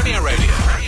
Premier Radio.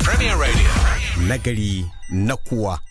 Premier Radio. Nagari na kuwa.